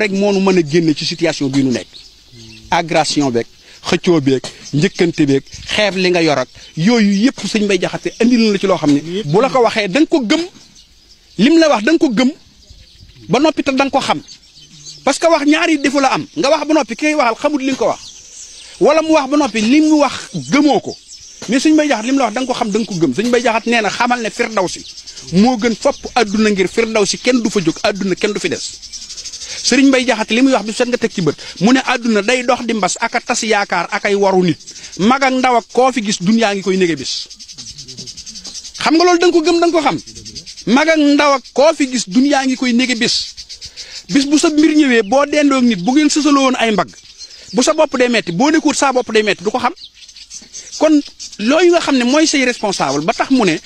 rek moo nu mën a génne ci situation bii nu nekk agression beeg xëccoo beeg njëkkante beeg xeeb li nga yor ak yooyu yëpp sëñ Mbay Jaxate andil la ci loo xam ne bu la ko waxee da nga ko gëm lim la wax da ko gëm ba noppi te da nga ko xam parce que wax ñaari defu la am nga wax ba noppi ki ngay waxal xamut li nga ko wax wala mu wax ba noppi li mu wax gëmoo ko mais sëñ Mbay Jaxate lim la wax da nga ko xam da ko gëm sëñ bay jaxat nee na xamal ne firdaw si moo gën fopp àdduna ngir firdaw si kenn du fa jóg àdduna kenn du fi des serigne mbay jaxati limuy wax bi sen nga tek ci beut mune aduna day dox di mbas aka tas yaakaar akay waru nit mag ak ndaw ak ko fi gis dunya ngi koy nege bis xam nga loolu dang ko gem dang ko xam mag ak ndaw ak ko fi gis dunya ngi koy nege bis bis bu sa mbir bo dendo ak nit bu ngeen sësaloo won ay mbag bu sa bop day metti sa bop day metti du ko xam kon loy nga xamne ne sey responsable ba tax mune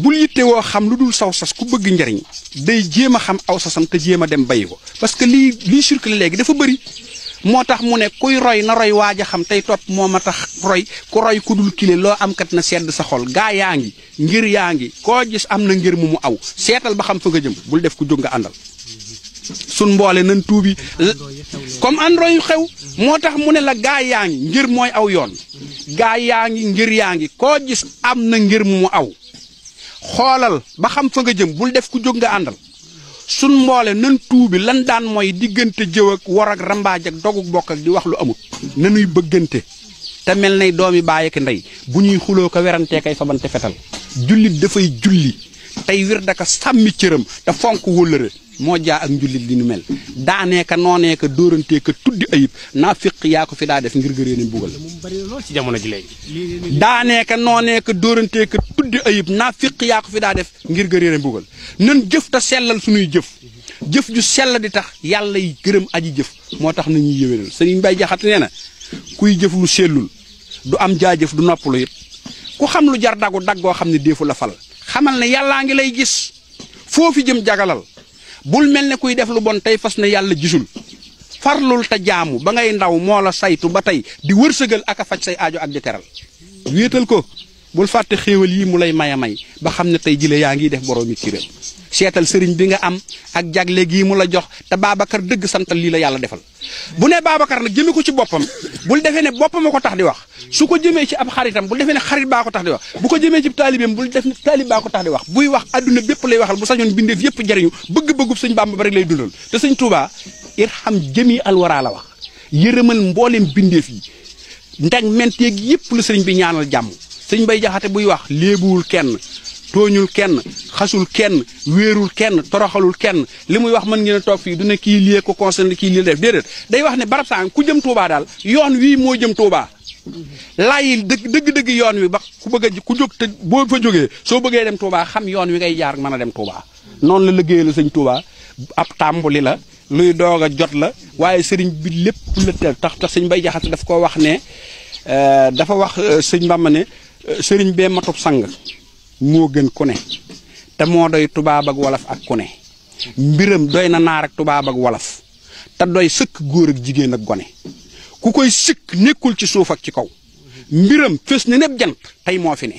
bul yitte woo xam lu dul saw sas ku bëgg njariñ day jéem a xam aw sasam te jéem a dem bayi ko parce que lii lii circulé léegi dafa bëri moo tax mu ne kuy roy na roy waaj a xam tey topp moom ma tax roy ku roy ku dul kile loo am kat na sedd sa xol gaa yaa ngi ngir yaa ngi koo gis am na ngir mu mu aw seetal ba xam fa nga jëm bul def ku jóg nga àndal sun mboole nan tuubi comme andro yu xew moo tax mu ne la gaa yaa ngi ngir mooy aw yoon gaa yaa ngi ngir yaa ngi koo gis am na ngir mu aw xoolal ba xam fa nga jëm bul def ku jóg nga àndal sun mboole nan tuubi lan daan mooy diggante jëw ak wor ak rambaaj ak doguk bokk di wax lu amut nanuy bëggante te mel nay doomi baay ak ndey bu ñuy xuloo ko werantee kay fabante fetal jullit dafay julli tey wir daka sàmmi cëram te fonk wóllëre moo jaa ak njullit li nu mel daanee ka noonee ka dóorantee ka tuddi ayib naa fiq yaa ko fi daa def ngir gëree ni mbugal ci jamono ji léegi daanee ka noonee ka dóorantee ka tuddi ayib naa fiq ko fi def ngir nan jëf sellal jëf jëf ju sell di tax yi aji jëf moo tax nañuy yëwénal sëriñ mbay jaxat na kuy jëf lu sellul du am jaajëf du noppalu it ku xam lu jar dagu dag goo xam la fal xamal ne lay gis jëm jagalal bul mel ne kuy def lu bon tey fas ne yàlla gisul farlul te jaamu ba ngay ndaw moo la saytu ba tey di wërsëgal ak a faj say aajo ak di teral wéetal ko bul fàtte xéewal yi mu lay may may ba xam ne tey jile yaa ngi def boroomi kiréel seetal sëriñ bi nga am ak jagle gi mu la jox te baabakar dëgg santal lii la yàlla defal bu ne Babacar nag jëme ko ci boppam bul defee ne boppam ko tax di wax su ko jëmee ci ab xaritam bul defee ne xarit baa ko tax di wax bu ko jëmee ci taalibeem bul def ne taalib baa ko tax di wax buy wax adduna bépp lay waxal bu sañoon bindeef yëpp jariñu bëgg-bëggub sëñ Bàmba ba rek lay dundal te sëñ Tuubaa irham jëmi alwaraa la wax yërëmal mbooleem bindeef yi ndeg menteeg yëpp la sëriñ bi ñaanal jàmm sëñ bay jaxate buy wax léebuwul kenn tooñul kenn xasul kenn wéerul kenn toroxalul kenn li muy wax mën ngeen a toog fii duna ne kii lii ko concerné kii lii def déedéet day wax ne barab sàngam ku jëm Touba daal yoon wii moo jëm Touba. layi dëgg dëgg-dëgg yoon wi ba ku bëgg a ku jóg te boo fa jógee soo bëggee dem Touba xam yoon wi ngay jaar mën a dem Touba. noonu la liggéeyee la sëñ Touba ab tàmbali la luy doog jot la waaye sëriñ bi lépp la teel tax tax sëñ Bay Jaxate daf ko wax ne euh, dafa wax euh, sëñ Bamba euh, sëriñ bee matub sang. moo gën ku ne te moo doy tubaab ak wolof ak ku ne mbiram doy na naar ak tubaab ak wolof te doy sëkk góor ak jigéen ak gone ku koy sikk nekkul ci suuf ak ci kaw mbiram fës na népp jant tey moo fi ne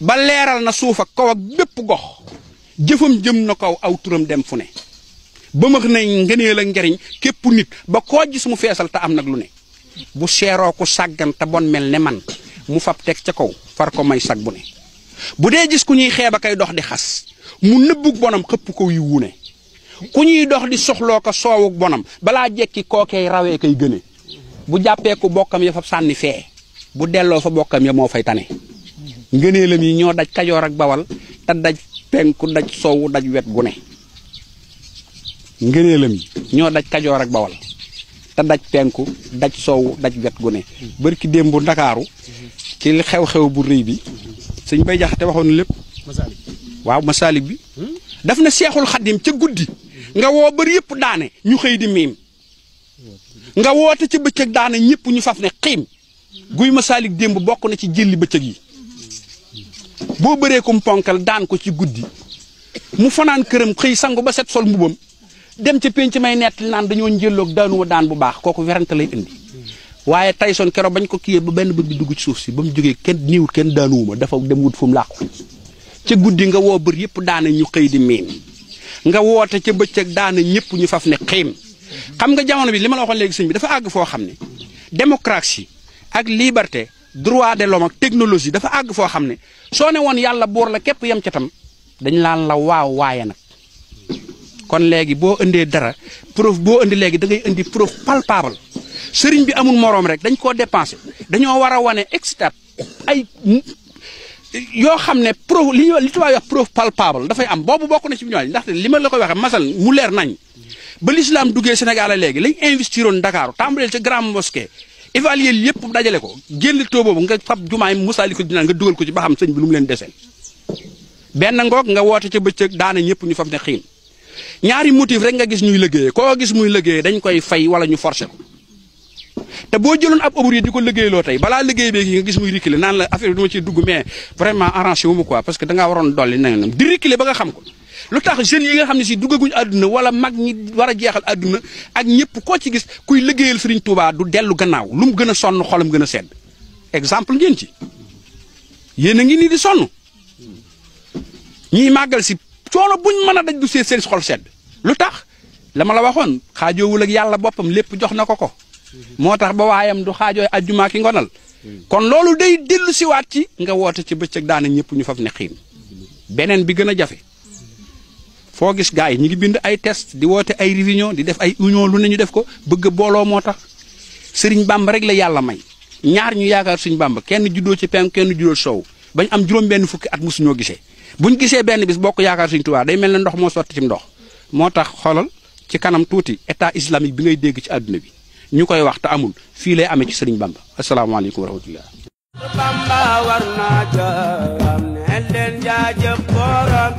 ba leeral na suuf ak kaw ak bépp gox jëfam jëm na kaw aw turam dem fu ne ba max nañ ngëneel ak njariñ képp nit ba koo gis mu feesal te am nag lu ne bu seeroo ku sàggante bon mel ne man mu fab teg ca kaw far ko may sag bu ne bu dee gis ku ñuy xeeba kay dox di xas mu nëbbug bonam xëpp ko yu wune ku ñuy dox di soxloo ko soowug bonam balaa jekki kookee rawee kay gëne bu jàppeeku bokkam ya fa sànni fee bu delloo fa bokkam ya moo fay tane ngëneelam yi ñoo daj kajoor ak bawal te daj penku daj soowu daj wet gu ne ngëneelam yi ñoo daj kajoor ak bawal te daj penku daj soowu daj wet gu ne bërki démb ndakaaru ci xew-xew bu rëy bi sëñ Bay Jaxate waxoon lépp. waaw masaalik bi. Hmm? daf na seexul xadim ca guddi. Hmm. nga woo bari yëpp daane ñu xëy di miim. nga woote ci bëccëg daane ñëpp ñu faf ne xiim. guy masaalik démb bokk na ci jëlli bëccëg yi. boo bëree kum ponkal daan ko ci guddi. mu fanaan këram xëy sangu ba set sol mbubam dem ca penc may nett naan dañoo njëlloog daanuwa daan bu baax kooku werante lay indi. waye Tyson kéro bañ ko kiyé ba benn bët bi dugg ci suuf ci bam mu kenn kenn dafa dem wut fum laq ci guddi nga wo bër yépp daana ñu xey di min nga ci ca ak daana ñëpp ñu faf ne xiim xam nga jamono bi lima la waxon légui señ bi dafa ag fo xamné Demokrasi, démocratie ak liberté droit de l'homme ak technologie dafa ag fo xamné so né won yalla bor la képp yam ci tam dañ laan la waaw waye nak kon légui bo ëndé dara prof bo ëndé légui da ngay ëndi prof palpable sëriñ bi amul moroom rek dañ koo dépensé dañoo war a wane extap ay yoo xam ne preuve li li tubaab wax preuve palpable dafay am boobu bokk na ci ñooñu ndaxte li ma la koy waxee masal mu leer nañ ba l'islam duggee Sénégal léegi lañ investiroon Dakar tàmbaleel ca Grande Mosquée évaluer yëpp dajale ko génn taux boobu nga fab jumaay musaalikul dinaan nga dugal ko ci ba xam sëñ bi lu mu leen deseel benn ngoog nga woote ca bëccëg daane ñëpp ñu fab ne xiin ñaari motif rek nga gis ñuy liggéeyee koo gis muy liggéeyee dañ koy fay wala ñu forcer te bo jëlone ab ouvrier diko liggéey lo tay bala liggéey be gi nga gis muy rikilé nan la affaire duma ci dugg mais vraiment arrangé wu ma quoi parce que da nga waron doli na di rikilé ba nga xam ko lu tax jeunes yi nga xamni ci si duggaguñ aduna wala mag ñi wara jéxal aduna ak ñepp ko ci gis kuy liggéeyal Serigne Touba du delu gannaaw lu mu gën sonn xolam gëna sedd exemple ngeen ci yéen ngi ni di sonn ñi magal ci coono buñ mëna a daj du sé sen xol sedd lu tax la ma la waxoon xaajoowul ak yalla bopam lepp jox nako ko moo tax ba waayam du xaajooy ajjuma ki ngonal kon loolu day dellu siwaat ci nga woote ci bëccëg daana ñëpp ñu faf ne xiin beneen bi gën a jafe foo gis gars yi ñu ngi bind ay test di woote ay réunion di def ay union lu ne ñu def ko bëgg booloo moo tax sëriñ bàmba rek la yàlla may ñaar ñu yaakaar suñu bàmba kenn juddoo ci penk kenn juddoo sow bañ am juróom-benn fukki at mosuñoo gisee ñu gisee benn bis bokk yaakaar suñ tubaa day mel na ndox moo sotti ci ndox moo tax xoolal ci kanam tuuti état islamique bi ngay dégg ci àdduna bi ñu koy wax amul fii lay amee ci sëriñ Bamba asalaamaaleykum wa rahmatullah Bamba war naa